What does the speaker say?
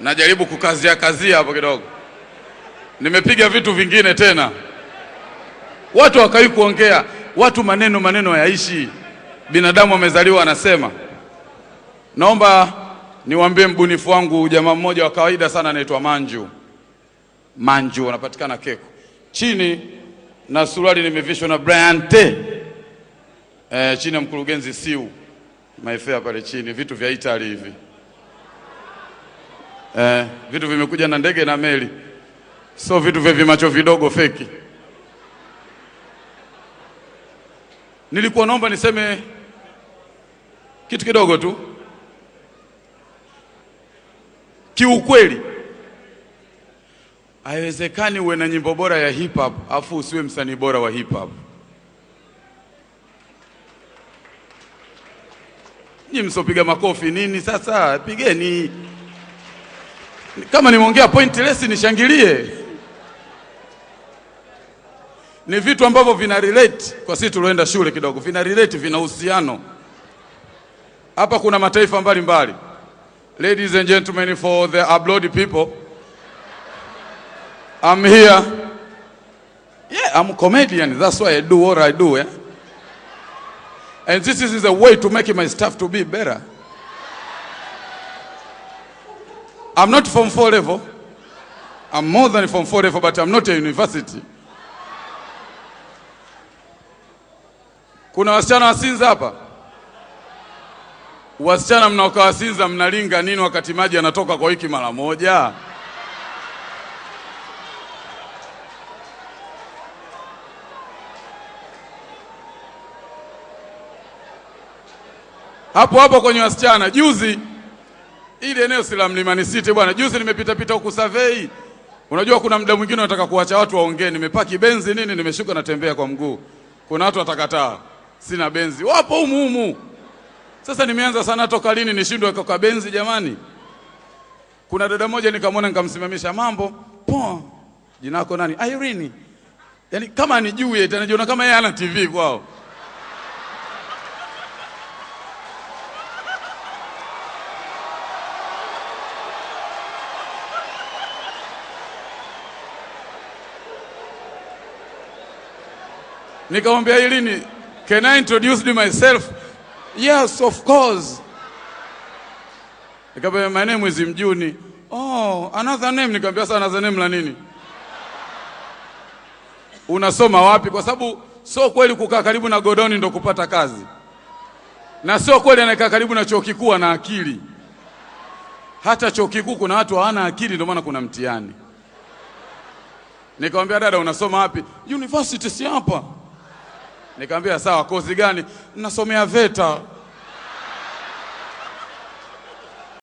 najaribu kukazia kazia hapo kidogo, nimepiga vitu vingine tena, watu wakai kuongea watu, maneno maneno hayaishi. Binadamu amezaliwa anasema. Naomba niwaambie mbunifu wangu, jamaa mmoja wa kawaida sana, anaitwa Manju. Manju anapatikana Keko chini na suruali nimevishwa na Brian T eh, chini ya mkurugenzi Siu maifea pale chini, vitu vya Italy hivi eh, vitu vimekuja na ndege na meli, so vitu vya vimacho vidogo feki. Nilikuwa naomba niseme kitu kidogo tu. Kiukweli haiwezekani uwe na nyimbo bora ya hip hop afu usiwe msanii bora wa hip hop. Nyi msopiga makofi nini sasa? Pigeni. Kama nimeongea pointless nishangilie. Ni vitu ambavyo vina relate kwa sisi tulioenda shule kidogo, vina relate, vina uhusiano. Hapa kuna mataifa mbalimbali mbali. Ladies and gentlemen for the abroad people I'm here. Yeah, I'm a comedian. That's why I do what I do, yeah? And this is a way to make my staff to be better. I'm not from four level. I'm more than from four level, but I'm not a university. Kuna wasichana wa sinza hapa? Wasichana mnaokaa sinza mnalinga nini wakati maji yanatoka kwa wiki mara moja? Hapo hapo kwenye wasichana juzi ile eneo si la Mlimani City bwana. Juzi nimepita pita huku survey. Unajua kuna muda mwingine nataka kuacha watu waongee, nimepaki benzi nini, nimeshuka natembea kwa mguu. Kuna watu watakataa, sina benzi, wapo humu humu. Sasa nimeanza sana, toka lini nishindwe kwa benzi jamani? Kuna dada moja nikamwona, nikamsimamisha, mambo poa, jinako nani? Irene, yaani kama ni juu yeye, anajiona kama yeye ana TV kwao. wow. nikamwambia hili ni can I introduce you myself? Yes of course. Nikamwambia my name is Mjuni. Oh, another name. Nikamwambia sasa another name la nini? Unasoma wapi? Kwa sababu sio kweli kukaa karibu na godoni ndo kupata kazi, na sio kweli anakaa karibu na chuo kikuu ana akili. Hata chuo kikuu kuna watu hawana akili, ndio maana kuna mtihani. Nikamwambia dada, unasoma wapi? University si hapa. Nikamwambia sawa, kozi gani? Nasomea VETA.